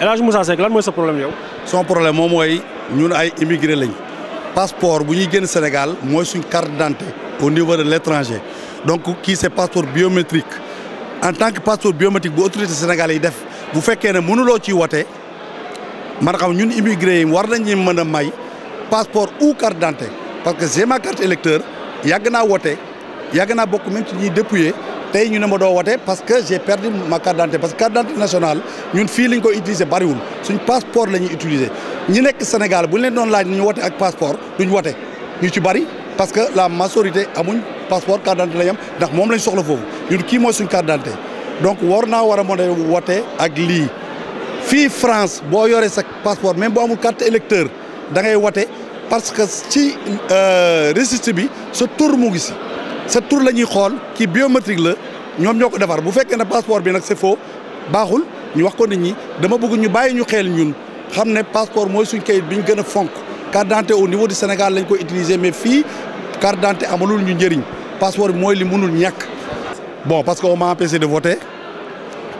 Et là je Moussa Seck lan est ce problème son problème c'est que ñun ay immigré Le passeport bu ñuy au Sénégal c'est suñ carte d'identité au niveau de l'étranger donc est c'est passeport biométrique en tant que passeport biométrique l'autorité autorité sénégalais faites def bu fekkee ne mënuloo ciy wote man xam ñun immigré war passeport ou carte d'identité parce que j'ai ma carte électeur yàgg naa il y a dépouiller tay ñu ne ma doo wote parce que j'ai perdu ma carte d'identité parce que carte d'identité nationale ñun fii lañ ko utiliser bariwul suñ passeport la ñuy utiliser ñi nekk Sénégal bu leen doon laaj ñu wote ak passeport duñ wote ñu ci bari parce que la majorité amuñ passeport carte d'identité la yam ndax moom lañ soxla foofu ñun kii mooy suñ carte d'identité donc war naa war a mën a wote ak lii fii France boo yoree sa passeport même boo amul carte électeur da ngay wote parce que ci euh, registre bi sa tour mu ngi si ce tour la ñuy qui ci biométrique la ñom ñoko défar bu fekkee né passeport bi nak c'est faux baxul ñu wax ko nit ñi dama bëgg ñu bayyi ñu xel ñun xamné passeport moy suñu kayit biñu gëna fonk carte d'identité au niveau du Sénégal lañ ko utiliser mais fi carte d'identité amalul ñu jëriñ passeport moy li mënul ñàkk. bon parce qu'on m'a empêché de voter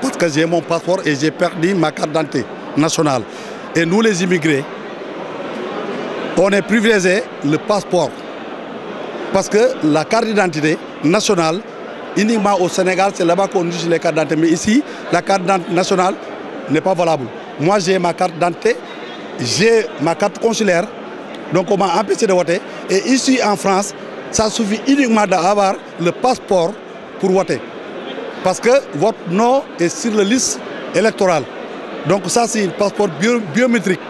parce que j'ai mon passeport et j'ai perdu ma carte d'identité nationale et nous les immigrés on est privilégié le passeport. Parce que la carte d'identité nationale, uniquement au Sénégal, c'est là-bas qu'on utilise les cartes d'identité. Mais ici, la carte nationale n'est pas valable. Moi, j'ai ma carte d'identité, j'ai ma carte consulaire, donc on m'a empêché de voter. Et ici, en France, ça suffit uniquement d'avoir le passeport pour voter. Parce que votre nom est sur la liste électorale. Donc ça, c'est le passeport biométrique.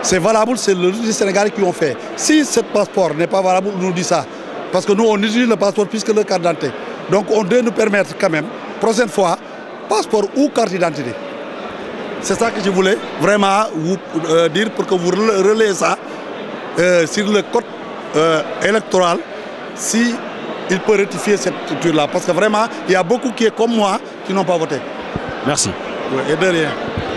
C'est valable, c'est le Sénégal qui ont fait. Si ce passeport n'est pas valable, on nous dit ça. Parce que nous, on utilise le passeport puisque le carte d'identité. Donc on doit nous permettre quand même, prochaine fois, passeport ou carte d'identité. C'est ça que je voulais vraiment vous euh, dire pour que vous relayez ça euh, sur le code euh, électoral, si il peut rectifier cette structure-là. Parce que vraiment, il y a beaucoup qui est comme moi qui n'ont pas voté. Merci. et de rien.